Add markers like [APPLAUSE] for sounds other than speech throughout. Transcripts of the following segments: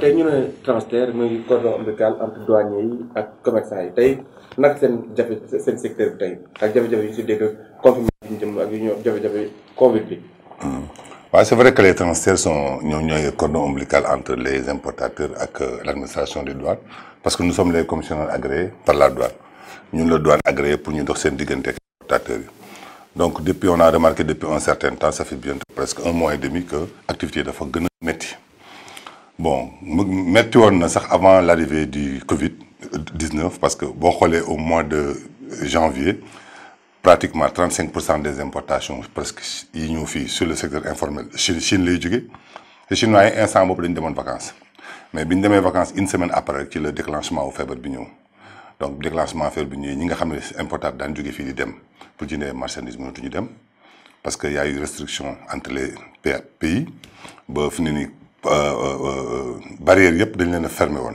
tey ñu ne transfert muy cordon ombilical entre douaniers yi ak commerçant yi tey nag seen jafe seen secteur bi tey ak jafe-jafe yi si dégg confinement bi ñu jëm ak yu ñu jafe-jafe Covid bi. waaw hmm. c'est vrai que les transferts sont ñoom ñooy cordon ombilical entre les importateurs ak euh, l'administration des douanes parce que nous sommes les commissionnaires agréés par la douane ñun la douane agréé pour ñu dox seen diggante importateurs yi. donc depuis on a remarqué depuis un certain temps ça fait bientôt presque un mois et demi que activité dafa gën a métti bon mu metti avant l'arrivée du Covid 19 parce que bon au mois de janvier pratiquement 35 des importations presque sur le secteur informel Chine Chine lay jóge eu un certain instant de dañu vacances mais ils ont vacances une semaine après ci le déclenchement au feebar Donc, donc déclenchement de la ñëwee ñi nga xam ne dans daan jóge di pour parce qu'il y a eu restriction entre les pays ba fini euh, euh, barrières yépp dañ leen a fermé woon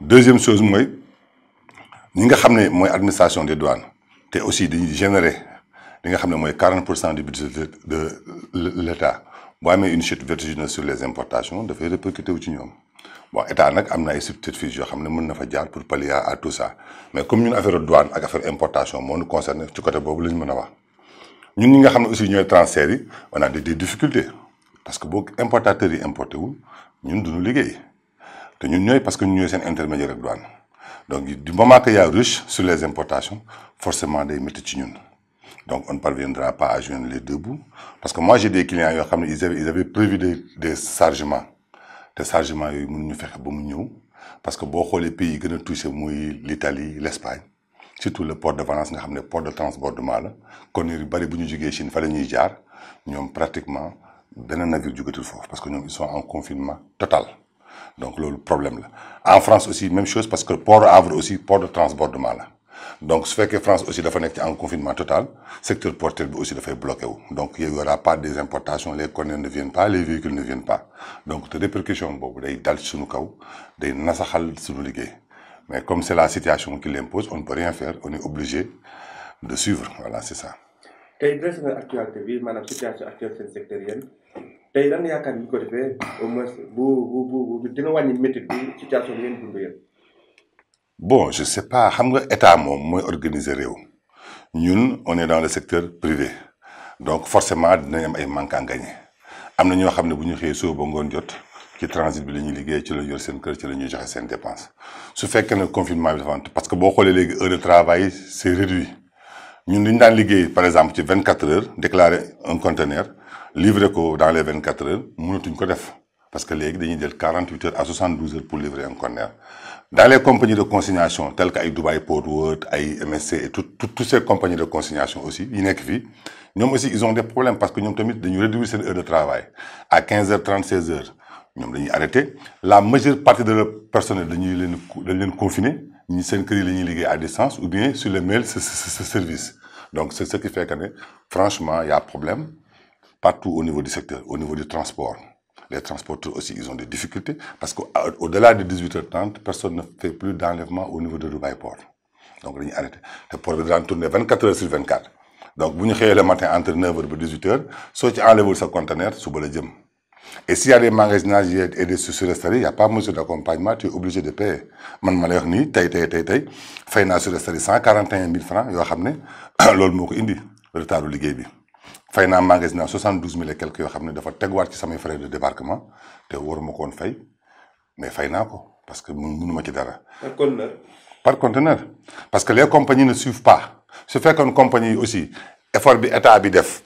deuxième chose mooy ñi nga xam ne mooy administration des douanes te aussi dañuy générer li nga xam ne mooy 40 pour cent du budget de l'État boo amee une chute vertigineuse sur les importations dafay répercuté wu ci ñoom bon état nag am na ay subterfuges yoo xam ne mën na fa jaar pour pallier à tout ça mais comme ñun affaire douane ak affaire importation moo ñu concerné ci côté boobu la ñu mën a wax ñun ñi nga xam ne aussi ñooy transfert yi on a des difficultés parce que les importateurs importent importé nous nous duñu liggéey ñun ñooy parce que nous sommes intermédiaires intermédiaire douane donc du moment qu'il y a ruche sur les importations forcément des métti ci ñun donc on ne parviendra pas à joindre les deux bouts parce que moi j'ai des clients qui ils avaient ils avaient prévu des des chargements Des chargements ils mënuñu fexe ba mu parce que si les pays qui nous touchent l'Italie l'Espagne surtout le port de Valence nga xam port de transbordement de mal yu bari bu ñu jógee Chine fa la ñuy pratiquement navire jugatul foofu parce que ñoom ils sont en confinement total donc le problème là en France aussi même chose parce que port Havre aussi port de transbordement la donc ce fait que France aussi dafa nekk en confinement total secteur porteur bi aussi dafay bloqué donc il y aura pas des importations les conteneurs ne viennent pas les véhicules ne viennent pas donc te répercussion boobu day dal suñu kaw day nasaxal suñu liggéey mais comme c'est la situation qui l'impose on ne peut rien faire on est obligé de suivre voilà c'est ça. tey actualité bi situation actuelle seen secteur tey lan yaakaar ni ko defee au moins bu bu bu dina wàññi métit bi situation bi ngeen dund yëpp. bon je sais pas xam nga état moom mooy organiser réew ñun on est dans le secteur privé donc forcément dinañ am ay manque à gagner am na ñoo xam ne bu ñu xëyee suba ba ngoon jot ci transit bi la ñuy liggéey ci la ñu yor seen kër ci la ñuy joxe seen dépense su fekkee ne confinement bi dafa parce que boo xoolee léegi heure de travail c'est réduit ñun li ñu daan liggéey par exemple ci 24 heures déclarer un conteneur livrer dans les 24 quatre heures ne ko def parce que les dañuy jël quarante 48 heures à 72 heures pour livrer un conteneur dans les compagnies de consignation telles que Dubai Port World MSC et toutes ces compagnies de consignation aussi yi nekk aussi ils ont des problèmes parce que ñoom tamit réduire ces heure de travail à 15h, 36 seize heures Nous dañuy arrêté la majeure partie de leur personnel est leen dañ confiné ni à distance ou bien sur le mail ce service donc c'est ce qui fait que franchement il y a problème partout au niveau du secteur, au niveau du transport. Les transporteurs aussi, ils ont des difficultés parce qu'au-delà euh, de 18h30, personne ne fait plus d'enlèvement au niveau de Dubai Port. Donc, on arrêté. Le port de tourner 24 h sur 24. Donc, si vous le matin entre 9h et 18h, soit tu enlèves ce conteneur, tu le gym. Et s'il y a des magasinages et des surestaries, il n'y a pas de mesure d'accompagnement, tu es obligé de payer. Man malheur ni, tay tay tay tay, fait une 141 000 francs, yo xamné, [COUGHS] lol moko indi retard liggéey bi fayna un magasin 72 000 et quelques yo xam dafa teguwaat ci frais de débarquement te waruma ko woon fay mais fay ko parce que mënuma ci dara. par conteneur. par conteneur parce que les compagnies ne suivent pas ce fait qu'une compagnie aussi effort bi état bi def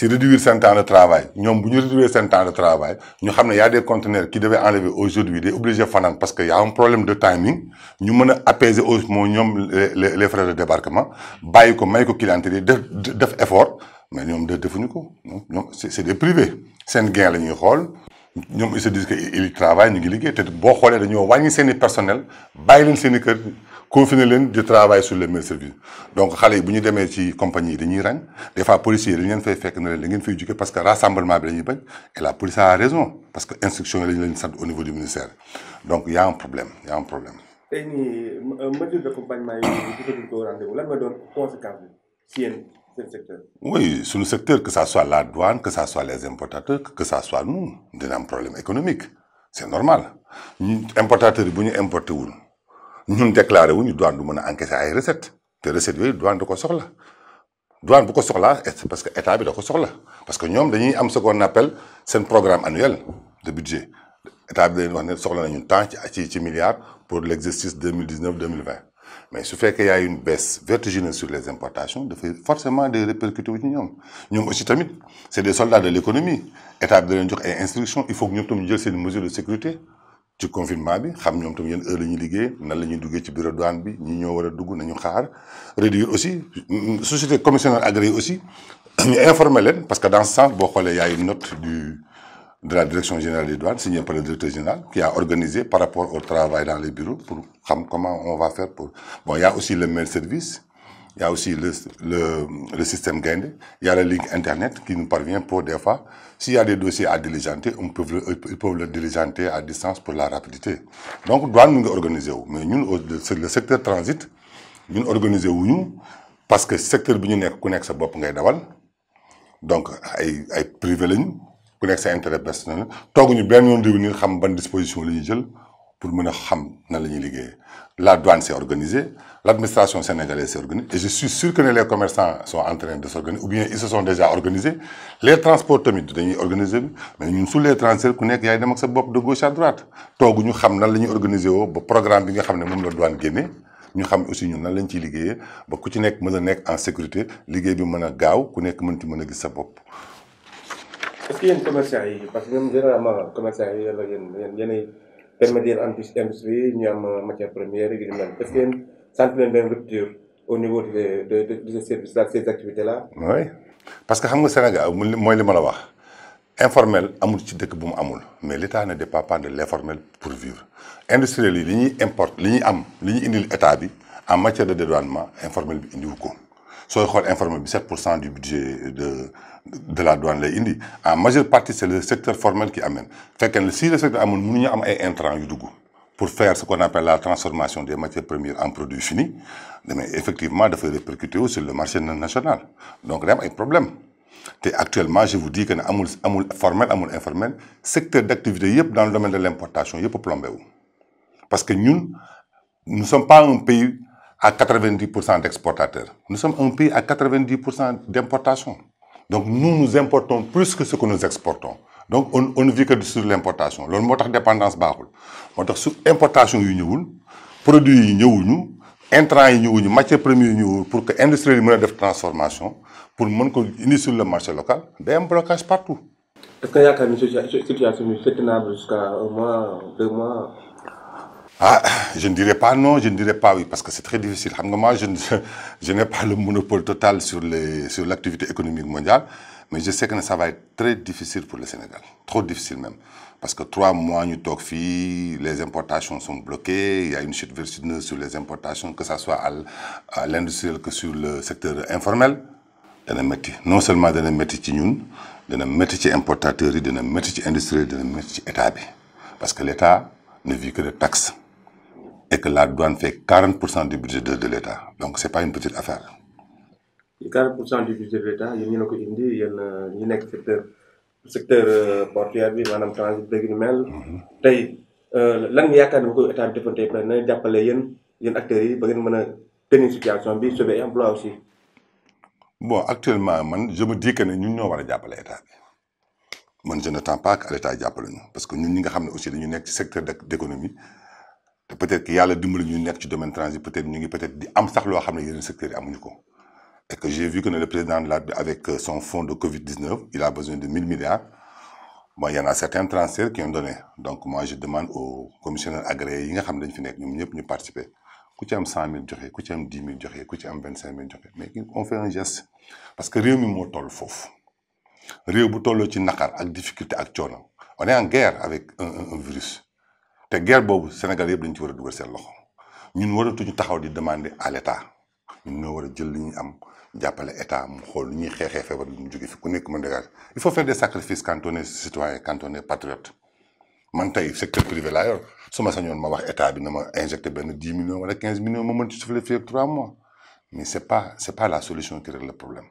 c'est réduire son temps de travail Nous avons réduire temps de travail Nous savons qu'il y a des conteneurs qui devaient enlever aujourd'hui obligés obligé faire parce qu'il y a un problème de timing Nous devons apaiser les les frais de débarquement mais nous c'est des privés ils se disent que travaillent ñu ngi confiner leen je sur les meilleurs services donc xale yi bu ñu demee ci compagnie ils dañuy des fois policiers ils dañu fay ne parce que rassemblement bi la et la police a raison parce que instruction est au niveau du ministère donc il y a un problème il y a un problème. tey nii euh, mesure d'accompagnement yi ñu ko rendez-vous lan nga doon conséquence bi si ce secteur. oui sur le secteur que ça soit la douane que ça soit les importateurs que ça soit nous avons un problème économique c'est normal Les importateurs ils nous déclaré que douane du mën encaisser les recettes Les recettes yooyu douane da ko soxla douane bu ko parce que état bi parce que nous dañuy ce qu'on appelle un programme annuel de budget état ont da leen wax soxla temps de ci milliards pour l'exercice 2019-2020. Mais ce fait qu'il y a une baisse vertigineuse sur les importations fait forcément des répercussions. Nous aussi c'est des soldats de l'économie état ont da leen instructions il faut que nous tam que mesures de sécurité ci confinement bi xam ñom tam yeen heure lañu liggé nan lañu duggé ci bureau douane bi ñi ñoo wara dugg nañu xaar réduire aussi mm, société commissionnaire agréé aussi ñu informer leen parce que dans ce sens y xolé yaay note du de la direction générale des douanes signée par le directeur général qui a organisé par rapport au travail dans les bureaux pour xam comment on va faire pour bon il y a aussi le mail service il y a aussi le, le, système Gaindé. Il y a la ligne Internet qui nous parvient pour des fois. S'il y a des dossiers à diligenter, on peut, ils peuvent le diligenter à distance pour la rapidité. Donc, doit nous organiser. Mais nous, le secteur transit, nous organiser nous, parce que le secteur bi ñu nekk ku nekk sa donc il est privé lañu ku nekk sa intérêt personnel nous devons nous réunir xam ban disposition pour mën a xam nan la la douane s'est organisée l'administration sénégalaise s'est organisée et je suis sûr que les commerçants sont en train de s'organiser ou bien ils se sont déjà organisés les transports sont organisés, organiser mais nous, sous les transferts ku nekk dem de gauche à droite toogu ñu xam nan la organisés, organiser programme bi nga nous sommes la douane génne Nous xam aussi nous nan lañ ciy Pour ba ku ci en sécurité liggéey bi mën a gaaw ku fait. sa est-ce que a commerçants parce que il généralement commerçants une, il permettre am industrie ñu am euh, matière première yi ñu est-ce que sant leen benn rupture au niveau de de de de ces activités là. oui parce que xam nga Sénégal mooy li ma la wax informel amul ci dëkk bu mu amul mais l'État ne dépend pas de l'informel pour vivre industriel yi li ñuy importe li ñuy am li ñu indil état bi en matière de dédouanement informel bi indiwu ko. soit quoi informel 7 du budget de de la douane lay indi en majeure partie c'est le secteur formel qui amène fait si le secteur amul est am ay pour faire ce qu'on appelle la transformation des matières premières en produits finis mais effectivement va répercuter sur le marché national donc il y a un problème actuellement je vous dis que a amul amul formel amul informel secteur d'activité dans le domaine de l'importation, importation peut plombé parce que nous, nous sommes pas un pays à 90% d'exportateurs. Nous sommes un pays à 90% d'importation. Donc nous, nous importons plus que ce que nous exportons. Donc on, on ne vit que sur l'importation. loolu moo dépendance baaxul On tax sur importation yu ñëwul produits yi ñëwuñu intrants yi ñëwuñu matières premières pour que l'industrie yi mën transformation pour mën ko indi sur le marché local a un blocage partout. est-ce que a ni situation bi soutenable jusqu'à un mois deux mois. Ah, je ne dirais pas non, je ne dirais pas oui, parce que c'est très difficile. Moi, je, [LAUGHS] je n'ai pas le monopole total sur l'activité sur économique mondiale, mais je sais que ça va être très difficile pour le Sénégal. Trop difficile même. Parce que trois mois, nous les importations sont bloquées, il y a une chute vertigineuse sur les importations, que ce soit à l'industriel que sur le secteur informel. Non seulement dans les métiers nous, dans les métiers importateurs, dans les métiers industriels, dans les métiers État. Parce que l'État ne vit que de taxes et que la douane fait 40% du budget de, l'État. Donc, ce n'est pas une petite affaire. 40% du budget de l'État, il y a un secteur, secteur euh, portuaire, il y a un transit de Guinée-Mel. Mhm. Euh, lan yaakaar ni ko état bi defoon tey il y a acteurs qui ba ngeen mën a tenir situation bi sauver emploi aussi. bon actuellement man je me dis que ne devons pas war a je n'attends pas que l'état nous parce que nous, ñi aussi dañu nekk secteur d'économie peut-être que y dimbali ñu nekk ci domaine transit peut-être ñu ngi peut-être di am sax lo xam yeneen secteurs ko et que j'ai vu que le président de avec son fonds de Covid 19 il a besoin de 1000 milliards bon il y en a certains transferts qui ont donné donc moi je demande au commissionnaire agréé, yi nga xam dañ fi nek ñom ñep ñu participer ku ci am 100000 joxé ku ci am 10 000 ku ci am 25000 joxé mais on fait un geste parce que réew mi mo toll Rien réew bu tollo ci nakar ak difficulté ak on est en guerre avec un virus te guerre boobu Sénégal yëpp dañ ci wara duggal Nous loxo ñun tuñu taxaw di demander à l'état ñun ñoo wara jël li ñu am jappalé état mu xol li ñuy xéxé ku nekk mën il faut faire des sacrifices quand on est citoyen quand on est patriote man tay secteur privé la yor suma sañon ma wax état bi na ma injecté ben 10 millions wala 15 millions ma mën ci souffler fi trois mois mais c'est pas c'est pas la solution qui règle le problème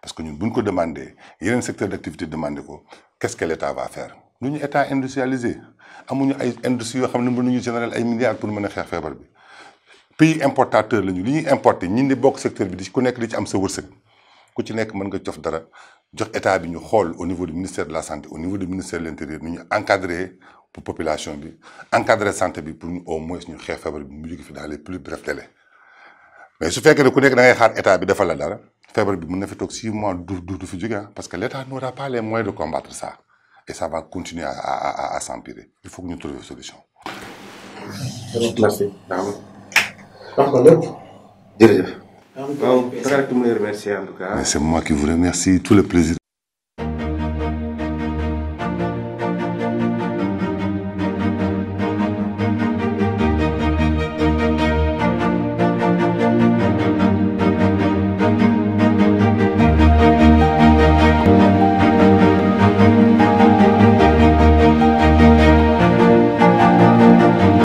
parce que ñun buñ ko demander yeneen secteur d'activité demander ko qu'est-ce que l'état va faire du ñu état industrialisé amuñu ay industrie yoo xam ne mënuñu général ay milliards pour mën a xeex bi pays importateur lañu li ñuy importer ñun di bokk secteur bi di ku nekk di ci am sa wërsëg ku ci nekk mën nga hall dara jox état bi ñu au niveau du ministère de la santé au niveau du ministère de l'intérieur nu ñu encadrer pour population bi encadrer santé bi pour au moins ñu xeex feebar bi mu jóge fi dans les plus brefs délais mais su fait ne ku nekk da ngay xaar état bi defal la dara feebar bi mën na fi mois du du fi ah, parce que l'état n'aura pas les moyens de combattre ça et ça va continuer à, s'empirer. Il faut que nous trouvions une solution. Merci. C'est moi qui vous remercie.